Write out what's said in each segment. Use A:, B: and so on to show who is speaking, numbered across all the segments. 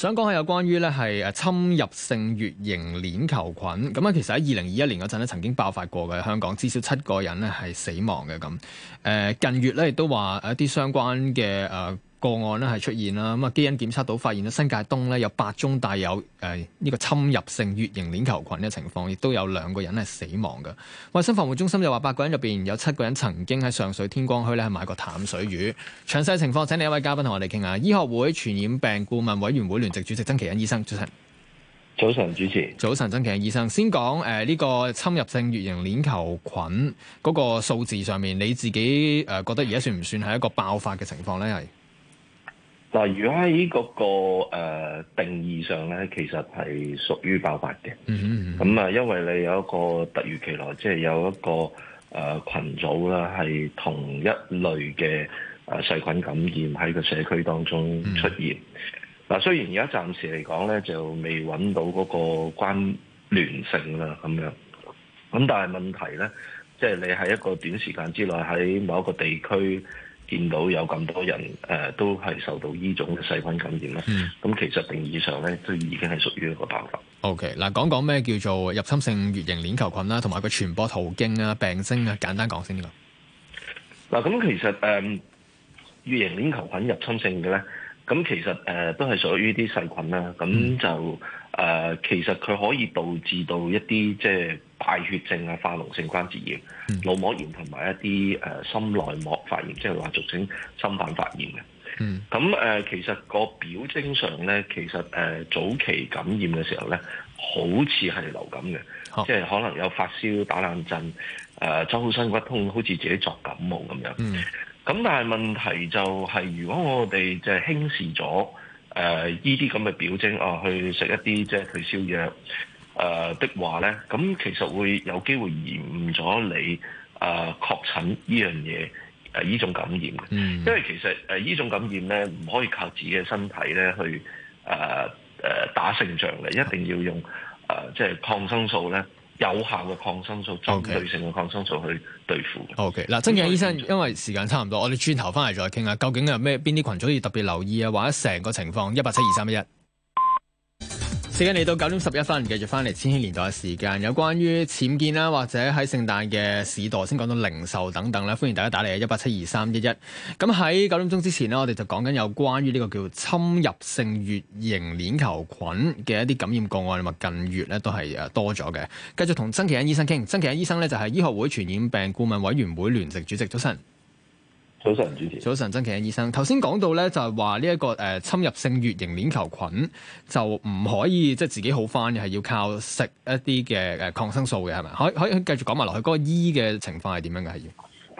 A: 想講下有關於咧係誒侵入性乙型鏈球菌，咁啊其實喺二零二一年嗰陣咧曾經爆發過嘅香港，至少七個人咧係死亡嘅咁。誒近月咧亦都話一啲相關嘅誒。個案咧係出現啦，咁啊基因檢測到發現咧新界東咧有八宗帶有誒呢、呃這個侵入性乙型鏈球菌嘅情況，亦都有兩個人咧死亡嘅。衞生防護中心就話八個人入邊有七個人曾經喺上水天光墟咧係買過淡水魚。詳細的情況請嚟一位嘉賓同我哋傾下。醫學會傳染病顧問委員會聯席主席曾祈殷醫生，早晨。早晨，主持早晨，曾祈殷醫生，先講誒呢個侵入性乙型鏈球菌嗰個數字上面，你自己誒、呃、覺得而家算唔算係一個爆發嘅情況呢？係。
B: 嗱，如果喺、這個個誒、呃、定義上咧，其實係屬於爆發嘅、嗯。
A: 嗯
B: 嗯咁啊，因為你有一個突如其來，即、就、係、是、有一個誒、呃、群組啦，係同一類嘅誒細菌感染喺個社區當中出現。嗱、嗯，雖然而家暫時嚟講咧，就未揾到嗰個關聯性啦，咁樣。咁但係問題咧，即、就、係、是、你喺一個短時間之內喺某一個地區。見到有咁多人誒、呃，都係受到呢種細菌感染咧。咁、嗯、其實定義上咧，都已經係屬於一個爆發。
A: OK，嗱，講講咩叫做入侵性乙型鏈球菌啦，同埋個傳播途徑啊、病徵啊，簡單講先啦。
B: 嗱、嗯，咁其實誒、呃、乙型鏈球菌入侵性嘅咧，咁其實誒、呃、都係屬於啲細菌啦。咁就。嗯誒、呃，其實佢可以導致到一啲即係敗血症啊、化膿性關節炎、腦膜、嗯、炎同埋一啲誒、呃、心內膜發炎，即係話俗稱心瓣發炎嘅。咁誒、嗯嗯呃，其實個表徵上咧，其實誒、呃、早期感染嘅時候咧，好似係流感嘅，啊、即係可能有發燒、打冷震、誒、呃、周身骨痛，好似自己作感冒咁樣。咁、嗯、但係問題就係、是，如果我哋就係輕視咗。誒呢啲咁嘅表徵啊、呃，去食一啲即係退燒藥誒、呃、的話咧，咁其實會有機會延誤咗你啊、呃、確診呢樣嘢誒呢種感染嘅，因為其實誒呢、呃、種感染咧唔可以靠自己嘅身體咧去誒、呃呃、打勝仗嘅，一定要用誒、呃、即係抗生素咧。有效嘅抗生素針對性嘅抗生
A: 素去對付。O K，嗱，曾健醫生，生因為時間差唔多，我哋轉頭翻嚟再傾下，究竟有咩邊啲群組要特別留意啊？或者成個情況，一八七二三一一。時間嚟到九點十一分，繼續翻嚟千禧年代嘅時間，有關於僭建啦，或者喺聖誕嘅市道，先講到零售等等啦，歡迎大家打嚟一八七二三一一。咁喺九點鐘之前呢，我哋就講緊有關於呢個叫侵入性乙型鏈球菌嘅一啲感染個案，啊近月咧都係誒多咗嘅。繼續同曾祈殷醫生傾，曾祈殷醫生咧就係醫學會傳染病顧問委員會聯席主席，早晨。早晨，主持。早晨，曾祈殷醫生。頭先講到咧，就係話呢一個、呃、侵入性乙型鏈球菌就唔可以即係自己好翻嘅，係要靠食一啲嘅、呃、抗生素嘅，係咪？可可以繼續講埋落去嗰個醫嘅情況係點樣嘅？係。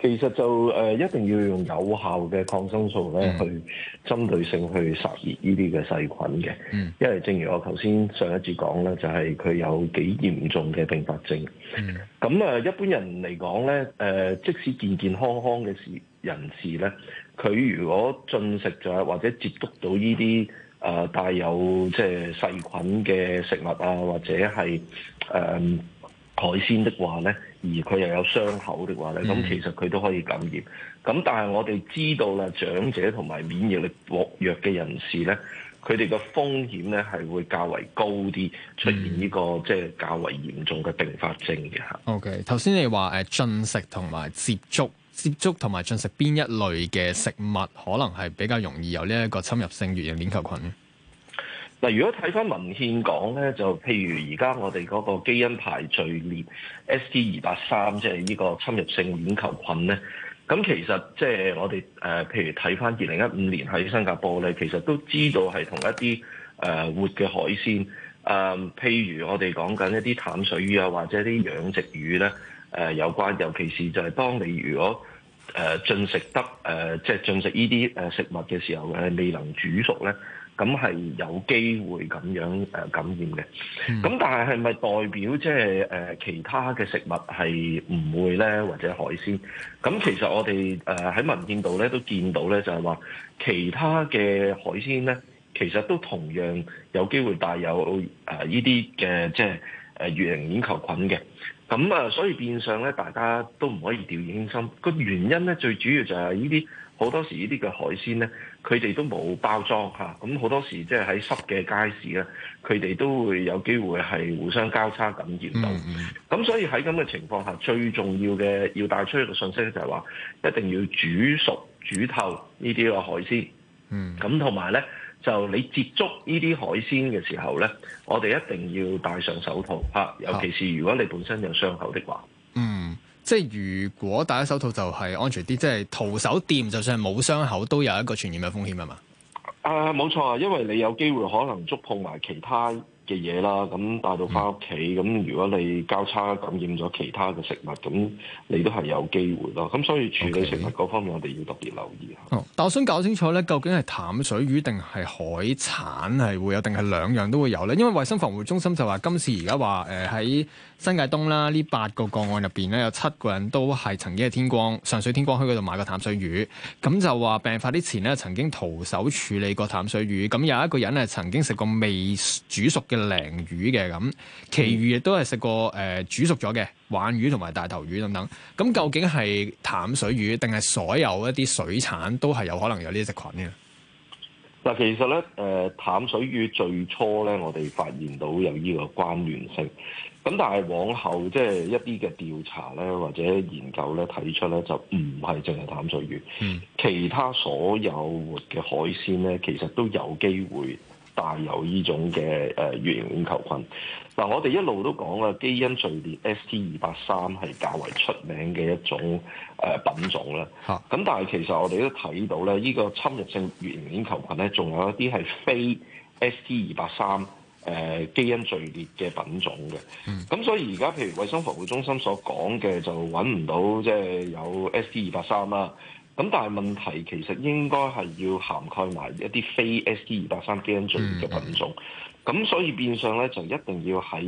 B: 其實就誒、呃、一定要用有效嘅抗生素咧，mm. 去針對性去殺滅呢啲嘅細菌嘅。Mm. 因為正如我頭先上一節講咧，就係、是、佢有幾嚴重嘅併發症。咁啊、mm. 呃，一般人嚟講咧，即使健健康康嘅事人士咧，佢如果進食咗或者接觸到呢啲啊帶有即係細菌嘅食物啊，或者係誒。呃海鮮的話咧，而佢又有傷口的話咧，咁其實佢都可以感染。咁、嗯、但係我哋知道啦，長者同埋免疫力薄弱嘅人士咧，佢哋嘅風險咧係會較為高啲，出現呢個即係、就是、較為嚴重嘅併發症
A: 嘅嚇。O K，頭先你話誒進食同埋接觸，接觸同埋進食邊一類嘅食物，可能係比較容易有呢一個侵入性乙型鏈球菌？
B: 嗱，如果睇翻文獻講咧，就譬如而家我哋嗰個基因排序列 ST 二八三，即係呢個侵入性鏈球菌咧。咁其實即係我哋誒、呃，譬如睇翻二零一五年喺新加坡咧，其實都知道係同一啲誒、呃、活嘅海鮮，誒、呃、譬如我哋講緊一啲淡水魚啊，或者啲養殖魚咧，誒、呃、有關，尤其是就係當你如果誒、呃、進食得誒、呃，即係進食呢啲食物嘅時候，誒未能煮熟咧。咁係有機會咁樣感染嘅，咁、嗯、但係係咪代表即係其他嘅食物係唔會咧，或者海鮮？咁其實我哋誒喺文獻度咧都見到咧，就係話其他嘅海鮮咧，其實都同樣有機會帶有誒呢啲嘅即係。誒，月形眼球菌乙型鏈球菌嘅，咁啊，所以變相咧，大家都唔可以掉以輕心。個原因咧，最主要就係呢啲好多時呢啲嘅海鮮咧，佢哋都冇包裝嚇，咁好多時即係喺濕嘅街市咧，佢哋都會有機會係互相交叉感染到。咁、嗯嗯、所以喺咁嘅情況下，最重要嘅要帶出一嘅一個信息咧，就係話一定要煮熟煮透呢啲嘅海鮮。嗯，咁同埋咧。就你接觸呢啲海鮮嘅時候呢，我哋一定要戴上手套、啊、尤其是如果你本身有
A: 傷口的話。啊、嗯，即係如果戴咗手套就係安全啲，即、就、係、係、徒手掂，就算係冇傷口，都有一個傳染嘅風險啊嘛。
B: 誒，冇錯、啊，因為你有機會可能觸碰埋其他。嘅嘢啦，咁帶到翻屋企，咁如果你交叉感染咗其他嘅食物，咁你都係有機會咯。咁所以處理食物嗰方面，我哋要特別留意
A: 下 Okay.、嗯，但我想搞清楚咧，究竟係淡水魚定係海產係會有，定係兩樣都會有咧？因為衛生防護中心就話，今次而家話誒喺新界東啦，呢八個個案入邊咧，有七個人都係曾經係天光上水天光墟嗰度買過淡水魚，咁就話，病發之前咧曾經徒手處理過淡水魚，咁有一個人係曾經食過未煮熟嘅。鯪魚嘅，咁，其餘亦都係食過誒、呃、煮熟咗嘅鯇魚同埋大頭魚等等。咁究竟係淡水魚定係所有一啲水產都係有可能有呢隻菌嘅？
B: 嗱，其實咧，誒，淡水魚最初咧，我哋發現到有呢個關聯性。咁但係往後即係一啲嘅調查咧，或者研究咧，睇出咧就唔係淨係淡水魚，嗯、其他所有活嘅海鮮咧，其實都有機會。帶有呢種嘅誒乙型鏈球菌，嗱、啊、我哋一路都講啊，基因序列 ST 二八三係較為出名嘅一種誒、呃、品種啦。咁、啊、但係其實我哋都睇到咧，呢、呢個侵入性乙型鏈球菌咧，仲有一啲係非 ST 二八三誒基因序列嘅品種嘅。咁、嗯、所以而家譬如衛生服務中心所講嘅，就揾唔到即係有 ST 二八三啦。咁但係問題其實應該係要涵蓋埋一啲非 S D 二八三基因序列嘅品種，咁、嗯、所以變相咧就一定要喺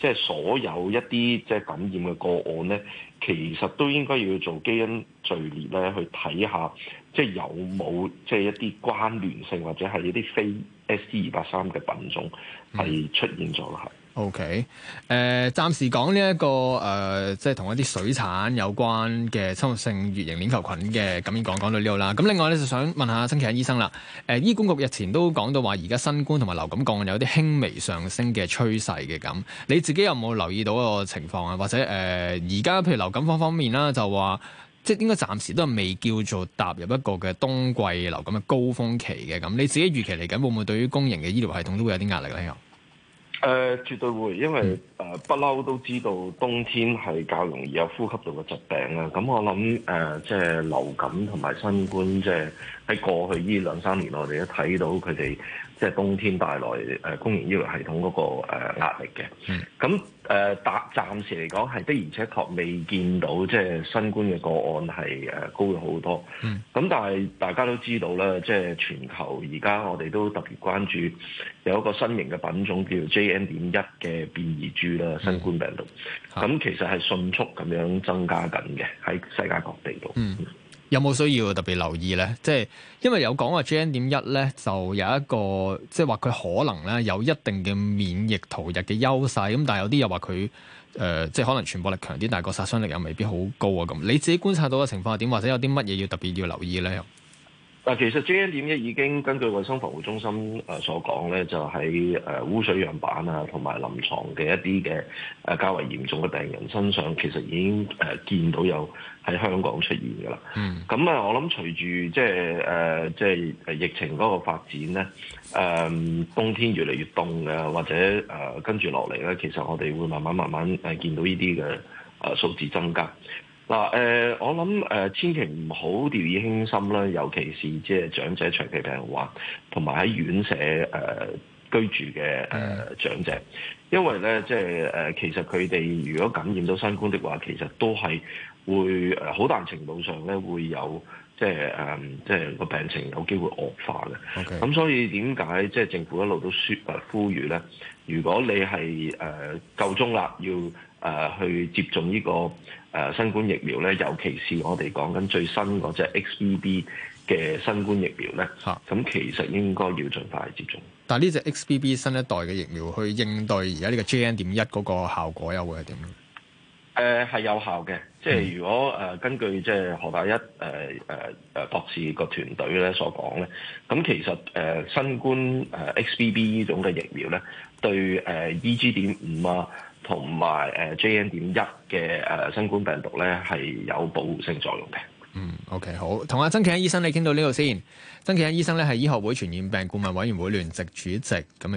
B: 即係所有一啲即係感染嘅個案咧，其實都應該要做基因序列咧去睇下，即、就、係、是、有冇即係一啲關聯性或者係一啲非 S D 二八三嘅品種係出現咗啦。嗯
A: OK，誒、呃，暫時講呢一個誒、呃，即係同一啲水產有關嘅侵入性乙型鏈球菌嘅感染講，講講到呢度啦。咁另外咧，就想問一下曾祈殷醫生啦，誒、呃，醫管局日前都講到話，而家新冠同埋流感確有啲輕微上升嘅趨勢嘅咁。你自己有冇留意到一個情況啊？或者誒，而、呃、家譬如流感方方面啦，就話即係應該暫時都係未叫做踏入一個嘅冬季流感嘅高峰期嘅咁。你自己預期嚟緊會唔會對於公營嘅醫療系統都會有啲壓力咧？
B: 誒、呃、絕對會，因為誒不嬲都知道冬天係較容易有呼吸道嘅疾病啦。咁我諗誒，即、呃、係、就是、流感同埋新冠，即係喺過去呢兩三年內，我哋都睇到佢哋。即係冬天帶來誒公營醫療系統嗰個誒壓力嘅，咁誒暫暫時嚟講係的，而且確未見到即係新冠嘅個案係誒高咗好多。咁、mm. 但係大家都知道啦，即係全球而家我哋都特別關注有一個新型嘅品種叫 JN. 點一嘅變異株啦，新冠病毒。咁、mm. 其實係迅速咁樣增加緊嘅喺世界各地度。
A: Mm. 有冇需要特別留意呢？即係因為有講話 JN 點一呢，就有一個即係話佢可能呢有一定嘅免疫逃逸嘅優勢，咁但係有啲又話佢誒即係可能傳播力強啲，但係個殺傷力又未必好高啊！咁你自己觀察到嘅情況係點？或者有啲乜嘢要特別要留意呢？
B: 嗱，其實 J 一點一已經根據衞生防護中心誒所
A: 講咧，就喺、
B: 是、誒污水樣板啊，同埋臨床嘅一啲嘅誒較為嚴重嘅病人身上，其實已經誒見到有喺香港出現嘅啦。嗯，咁啊，我諗隨住即係誒即係疫情嗰個發展咧，誒冬天越嚟越凍嘅，或者誒跟住落嚟咧，其實我哋會慢慢慢慢誒見到呢啲嘅誒數字增加。嗱誒、呃，我諗誒、呃，千祈唔好掉以輕心啦，尤其是即係長者長期病患，同埋喺院舍誒、呃、居住嘅誒、呃、長者，因為咧即係誒，其實佢哋如果感染到新冠嘅話，其實都係會誒好大程度上咧會有即係誒即係個病情有機會惡化嘅。咁 Okay. 所以點解即係政府一路都説誒呼籲咧，如果你係誒夠鐘啦，要，誒去接種呢、這個誒、呃、新冠疫苗咧，尤其是我哋講緊最新嗰隻 XBB 嘅新冠疫苗咧，咁、啊、其實應該要盡快接種。
A: 但係呢隻 XBB 新一代嘅疫苗，去應對而家呢個 JN 點一嗰個效果又會係點？
B: 誒係、呃、有效嘅，即係如果誒、呃、根據即係何大一誒誒誒博士個團隊咧所講咧，咁其實誒、呃、新冠誒 XBB 呢種嘅疫苗咧，對誒、呃、EG 點五啊同埋誒 JN 點一嘅誒新冠病毒咧係有保護性作用嘅。嗯
A: ，OK 好，同阿曾祈殷醫生你傾到呢度先。曾祈殷醫生咧係醫學會傳染病顧問委員會聯席主席，咁啊。